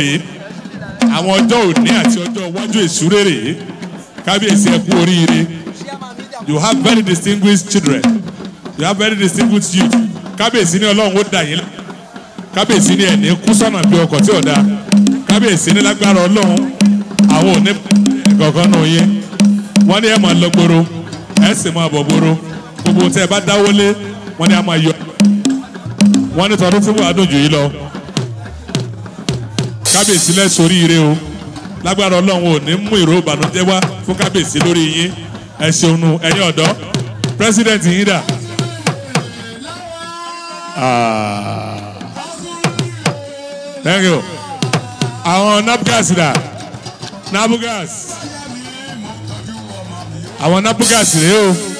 rèé àwọn ọjọ́ òní àti ọjọ́ iwájú ìsúré kábíyèsí ẹ oríire you have very distinguished children you have very distinguished youth kábíyèsí ní ọlọ́run ó dà yín kábíyèsí ní ẹ̀ní kú sọ̀nà bí ọkọ̀ tí ò da kábíyèsí ní lágbára ọlọ́run àwọn òní kankan nù yín wọ́n ní ẹ̀ máa lọ gbòòrò ẹ̀ sì máa bọ̀ gbòòrò gbogbo tẹ́ ẹ bá dáwọ́lé wọ́n ní a máa yọ wọ́n ní tọdún tí wọ́n á dùn jù yín lọ kábíyèsí lẹ́sùn oríire o lágbára ọlọ́run ò ní mú ìró ìbànújẹ́ wá fún kábíyèsí lórí yín ẹ ṣeun ẹ̀yin ọ̀dọ́ president yín dà. Ah. thank you àwọn napgas dà nabugas àwọn nabugas rèé o.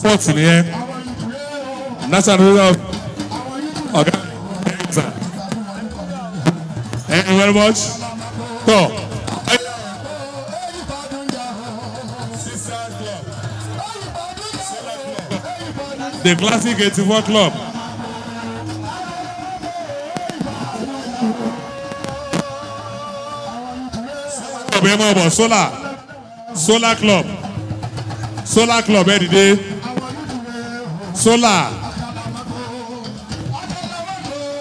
sport nìyẹn national leader of ọ̀gá ẹ̀ẹ́dà thank you very much tọ́. The Classic 84 Club. ọ̀bẹ mọ̀ bọ̀ solar solar club solar club ẹ̀ dìde sólà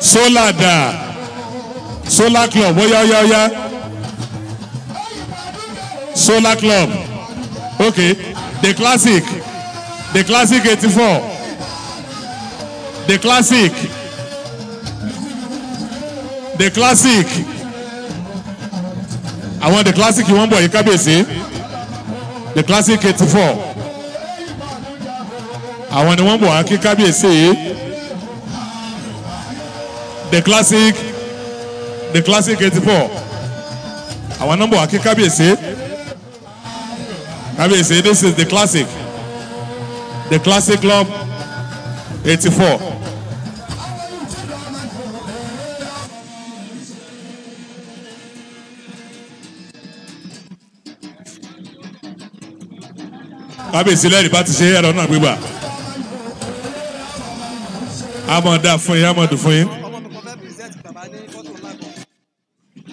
sólà dà sólà club ó yá sólà club ok the classic the classic eighty four the classic the classic àwọn the classic wọ́n bọ̀ yìí kábíyèsí the classic eighty four àwọn ni wọ́n bọ̀ wá kí kábíyèsí yìí the classic the classic eighty four àwọn náà bọ̀ wá kí kábíyèsí kábíyèsí this is the classic the classic club eighty four. kábíyèsí lẹ́yìn bá ti ṣe ẹ̀rọ náà gbígbà a mọ̀ dá fún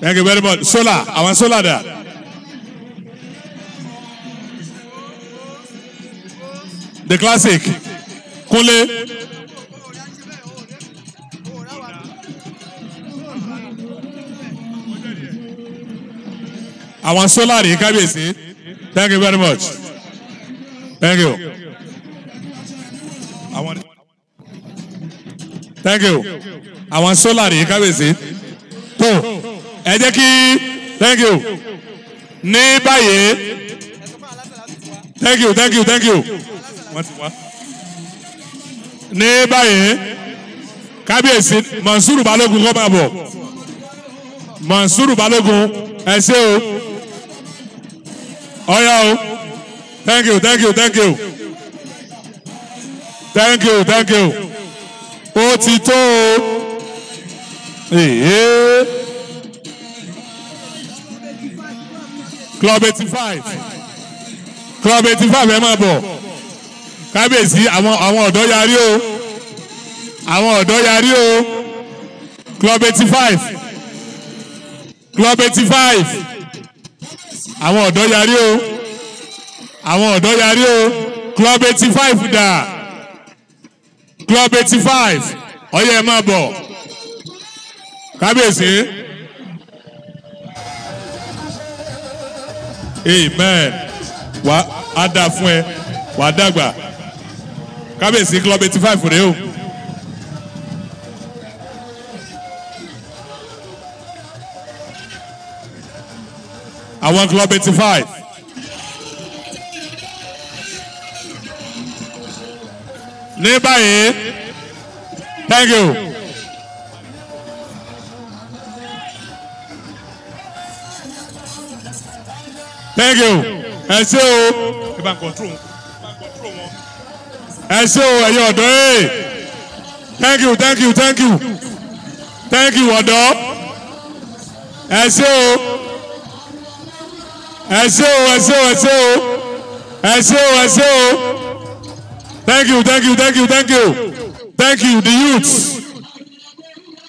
thank you very much sola want sola there. the classic kúnlé. àwọn sola rí see. thank you very much Thank you. I want thank you àwọn sólà rèé kábíyèsí tó ẹ jẹ́ kí thank you ní báyìí thank you thank you thank you wọ́n ti wá ní báyìí kábíyèsí Mansuru Balógun kọ́ máa bọ̀ Mansuru Balógun ẹ ṣé o ọ̀yá o thank you thank you thank you thank you thank you. Thank you ó ti tó o. club eighty five club eighty five ẹ máa bọ̀ kábíyèsí àwọn àwọn ọ̀dọ́ yarí o àwọn ọ̀dọ́ yarí o club eighty five club eighty five àwọn ọ̀dọ́ yarí o àwọn ọ̀dọ́ yarí o club eighty five dà club eighty five ọyẹ ẹ máa bọ̀ kábíyèsí amen wà á dà fún ẹ wà á dàgbà kábíyèsí club eighty five rèé o. àwọn club eighty five ní báyìí thank you. thank you ẹ ṣé o ẹ ṣé o ẹ̀yin ọ̀dọ́ ẹ̀ thank you thank you thank you thank you ọ̀dọ́ ẹ ṣé o ẹ ṣé o ẹ ṣé o ẹ ṣé o ẹ ṣé o ẹ ṣé o. Thank you, thank you, thank you, thank you. Thank you, the youths.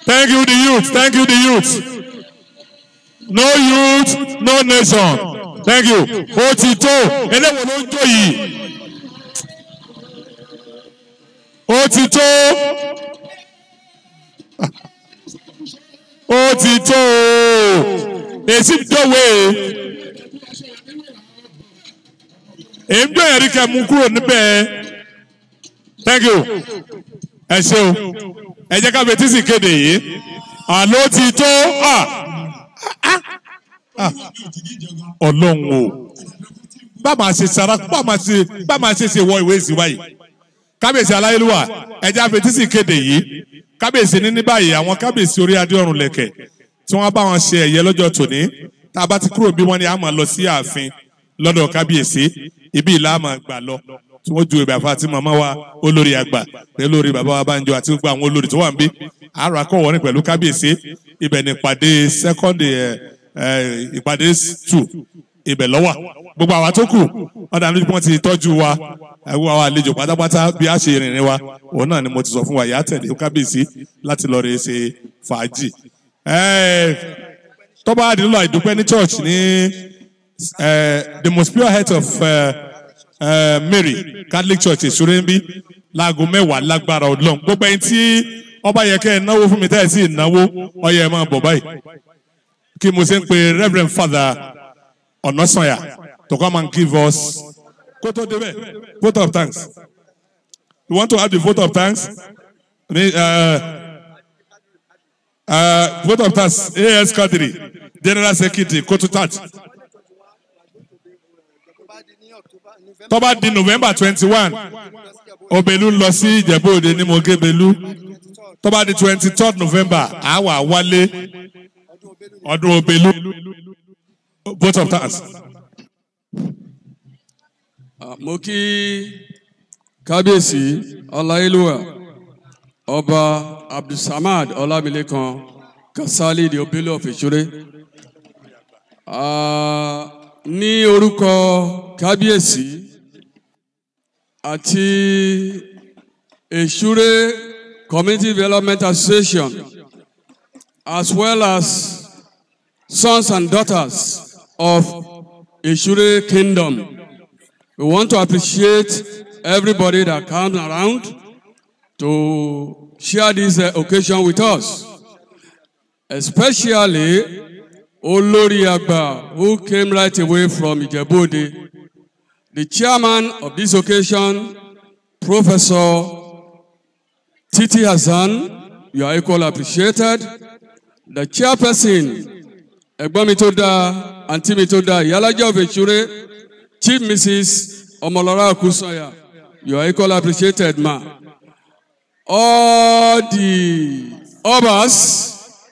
Thank you, the youths. Thank you, the youths. No youth, no nation. Thank you. Ó ti tó, eléwo ló ń jó yìí. Ó ti tó. Ó ti tó. Èsì kẹ́ mú kúrò níbẹ̀ thank you ẹ ṣe o ẹ jẹ́ ká betísì kéde yìí àló ti tó ọlọ́run o bá máa ṣe sara bá máa ṣe bá máa ṣe ṣe wọ ìwé ìsìnwá yìí kábíyèsí aláyélúwà ẹ jẹ́ afetísì kéde yìí kábíyèsí ní ní báyìí àwọn kábíyèsí orí adé ọ̀run lẹ̀kẹ̀ tí wọ́n bá wọn ṣe ẹ̀yẹ lọ́jọ́ tòní tá a bá ti kúrò bí wọ́n ní a máa lọ sí ààfin lọ́dọ̀ kábíyèsí ibi ìlà máa gbà lọ tí wọ́n ju ìbẹ̀ àfa àti màmá wa olórí àgbà olórí bàbá wa Bánjọ àti gbogbo àwọn olórí tó wà ń bí àárọ̀ akọ̀wọ́ ní pẹ̀lú kábíyèsí ibẹ̀ ní ìpàdé second eh, eh, ìpàdé two ibẹ̀ lọ́wà gbogbo àwa tó kù ọ̀dà níbi wọ́n ti tọ́jú wa àwọn àwọn àlejò pátápátá bí a ṣe rìnrìn wa òun náà ni mo ti sọ fún wa ìyá tẹ̀lé kábíyèsí láti lọ rè ṣe fàájì. Eh, tọ́ba àdínlọ́ ìdúpẹ́ ní church ní the most pure head of. Uh, Eh, Mary Catholic Church ìṣúrẹ́ńbí láago mẹ́wàá lágbára ọlọ́run gbogbo ẹni tí ọba yẹ kẹ́ ẹ̀ náwó fún mi táyà sí ọyẹ ẹ̀ máa bọ̀ báyìí kí mo ṣe ń pe Reverend Father Ọ̀nàsànyà to come and give us kó tó débẹ̀ vote of thanks you want to have the vote of thanks I mean, eh, eh, vote of thanks AS Kadiri General Secretary Kotutat. tó di november twenty one Obelu ń lọ sí Ìjẹ̀bú Òde ní Mọ̀gẹ́bẹ̀lú tó di twenty third november a wà wálé ọdún Obelu both of us. Ah, mo kí kábíyèsí ọláyélúwà ọba abdulsamad ọlámilékan kasali di Obelu of Ìṣúrẹ́ ah, ní orúkọ kábíyèsí àti Eshure Community Development Association as well as sons and daughters of Eshure Kingdom. We want to appreciate everybody that comes around to share this uh, occasion with us, especially Olori Agba, who came right away from Ijebode The chairman of this occasion, Professor Titi Hassan, you are equally appreciated. The chairperson, Egbamitoda Antimitoda Yalaja of Chief Mrs. Omolara Kusaya, you are equally appreciated, ma. All the obas,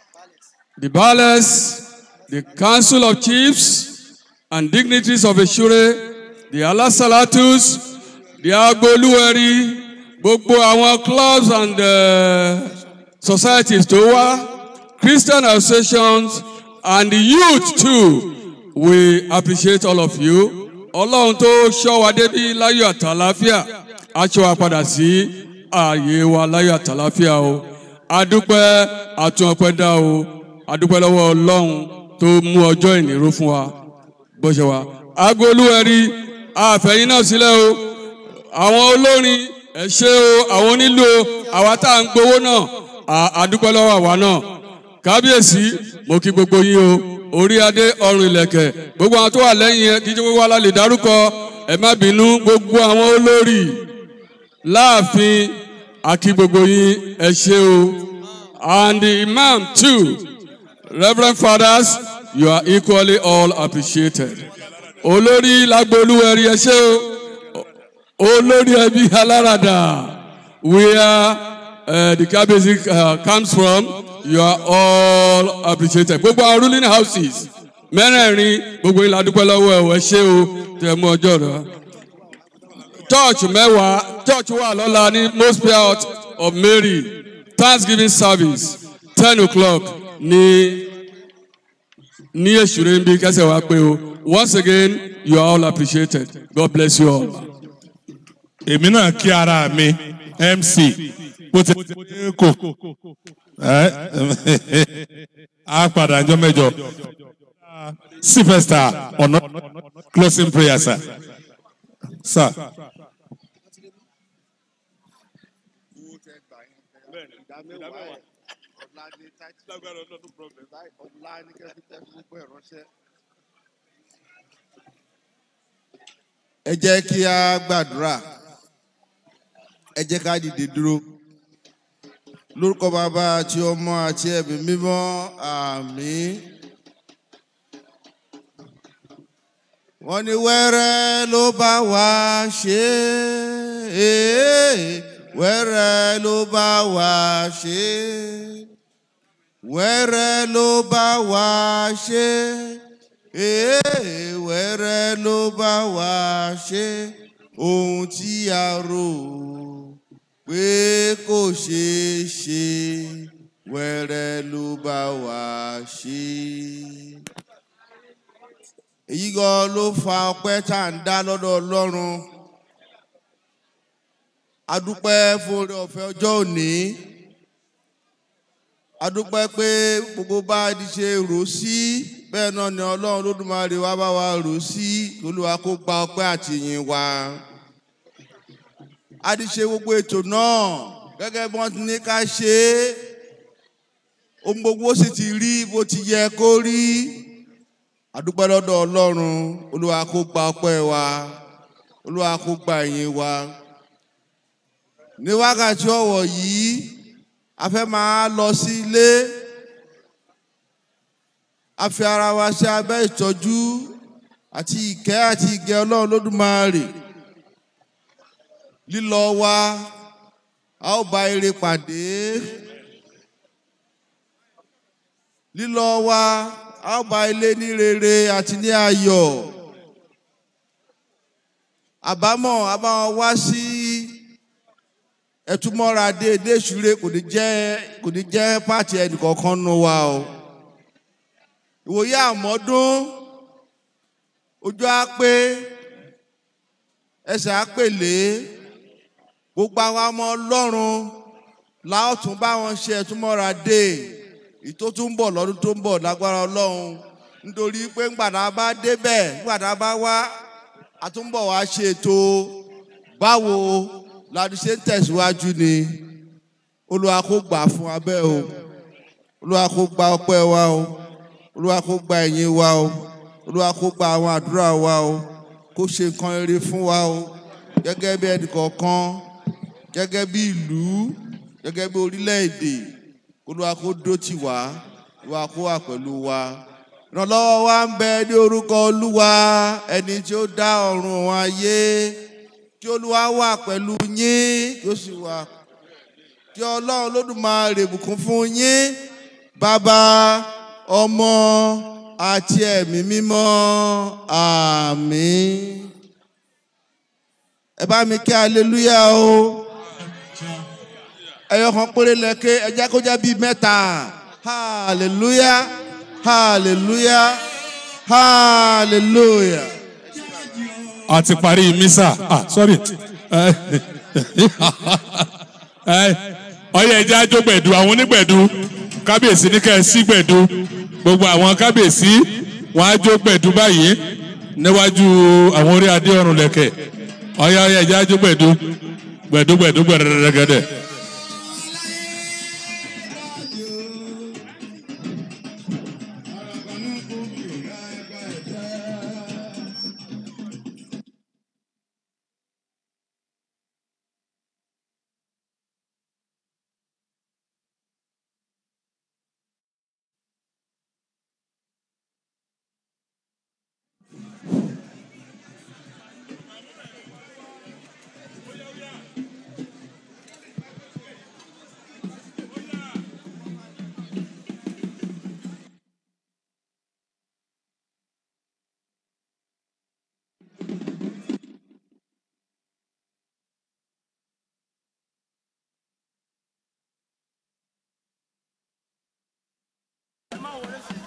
the ballers, the council of chiefs, and dignitaries of Echure, the alasalatus the agboluwẹri gbogbo àwọn clubs and uh, societies tó wá christian associations and the youth too we appreciate all of you ọlọ́run tó ṣọ́ wa débi láyọ̀ àtàláfíà aṣọ wa padà sí ààyè wa láyọ̀ àtàláfíà o adúpẹ́ àtúnọpẹ́ dá o adúpẹ́ lọ́wọ́ ọlọ́run tó mú ọjọ́ ìníró fún wa bó ṣe wà agolúwẹ̀rí àfẹ̀yìn náà sílẹ̀ o àwọn olórin ẹ ṣé o àwọn onílù o àwa tá à ń gbowó náà àdúpẹ́ lọ́wọ́ àwa náà kábíyèsí mo kí gbogbo yín o orí adé ọrùn ìlẹ̀kẹ̀ gbogbo àwọn tó wà lẹ́yìn ẹ kí jẹ́ gbogbo alálè dárúkọ ẹ má bínú gbogbo àwọn olórí láàfin àkí gbogbo yín ẹ o and the imam too reverend fathers you are equally all appreciated olórí lágbóolúwẹrí ẹ ṣé o olórí ẹbí aláràdà where uh, eh, the cabbage uh, eh, comes from you are all appreciated gbogbo our ruling houses mẹ́rẹ̀ẹ̀rin gbogbo yín la dúpẹ́ lọ́wọ́ ẹ̀ ẹ ṣé o tẹ̀ mú ọjọ́ rẹ̀ church mẹ́wàá church wà lọ́la ní most part of Mary thanksgiving service ten o'clock ní ní èsùrè ń bí kẹsẹ̀ wá pé o. Once again, you are all appreciated. God bless you all. Èmi náà kí MC bó ti kò á padà jọ mẹ́jọ. Sylvester ọ̀nà closing prayer sir. Sir. Lágbára ọlọ́run problem. Ọ̀la ni kẹ́kẹ́ tẹ́ fún gbọ́ ìránṣẹ́. ẹ jẹ́ kí a gbàdúrà ẹ jẹ́ ká dìde dúró lórúkọ bàbá àti ọmọ àti ẹ̀mí mímọ́ àmín. wọ́n ní wẹ́rẹ́ ló bá wa ṣe wẹ́rẹ́ ló bá wa ṣe wẹ́rẹ́ ló bá wa ṣe wẹ́rẹ́ ló bá wa ṣe ohun tí a rò pé kò ṣeé ṣe wẹ́rẹ́ ló bá wa ṣe. èyí gan ló fa ọpẹ́ tá à ń dá lọ́dọ̀ Ọlọ́run adúpẹ́ fún oore ọ̀fẹ́ ọjọ́ òní adúpẹ́ pé gbogbo bá a di ṣe rò sí. Si bẹ́ẹ̀ náà ni ọlọ́run lódùmarè wá bá wa rò sí olúwa kó gba ọpẹ́ àti ìyìn wa. a ti ṣe gbogbo ètò náà gẹ́gẹ́ bí wọ́n ti ní ká ṣe é ohun gbogbo sì ti rí bó ti yẹ kó rí a lọ́dọ̀ ọlọ́run olúwa kó gba ọpẹ́ wa olúwa kó gba ìyìn wa. ní wákàtí ọ̀wọ̀ yìí a fẹ́ máa lọ sí ilé a fi ara wa ṣe abẹ́ ìtọ́jú àti ìkẹ́ àti ìgẹ́ ọlọ́run lódùmarè lílọ wa a ó bá ire pàdé lílọ wa a ó bá ilé ní rere àti ní ayọ̀ àbámọ̀ a wá sí ẹtúmọ́ra déédéé ṣúre kò ní jẹ́ kò ní jẹ́ pàtì ẹnìkọ̀ọ̀kan nù wa o. ìwòye àmọ́dún ojú á ẹsẹ̀ gbogbo àwọn ọmọ ọlọ́run bá wọn ṣe ẹtúmọ́ra dé ìtó bọ̀ lọ́dún tó ń bọ̀ lágbára ọlọ́run nítorí pé ńgbàdá bá débẹ̀ ńgbàdá bá wá àtúnbọ̀ wá ń fún abẹ́ o olúwa kó ọpẹ́ wa o. olúwa kó gba ẹ̀yìn wa o olúwa kó gba àwọn àdúrà wa o kó ṣe nǹkan rere fún wa o gẹ́gẹ́ bí ẹnìkọ̀ọ̀kan gẹ́gẹ́ bí ìlú gẹ́gẹ́ bí orílẹ̀-èdè olúwa kó dó tì wá olúwa kó wà pẹ̀lú wa ìrànlọ́wọ́ wa ń bẹ ní orúkọ olúwa ẹni tí ó dá ọ̀run ayé kí olúwa wà pẹ̀lú yín kí ó sì wà kí ọlọ́run lódùmarè bùkún fún yín bàbá ọmọ àti ẹ̀mí mímọ́ àmín ẹ bá mi kí aleluya o ẹyọ kan péré lẹkẹ ẹjẹ kó jẹ́ bíi mẹ́ta hallelujah hallelujah hallelujah. a ti parí mísà ah sorry ọyẹ ẹjẹ ajógbẹ̀dù àwọn onígbẹ̀dù kábíyèsí ní kẹ́ ẹ sí gbẹ̀dù gbogbo àwọn kábíyèsí wọn á jó pẹ̀dú báyìí níwájú àwọn orí adé ọ̀run lẹ̀kẹ̀ ọ̀yá ọ̀yá ìjà jó pẹ̀dú gbẹ̀dú gbẹ̀dú gbẹ̀dẹ̀dẹ̀gẹ̀dẹ̀. mowers.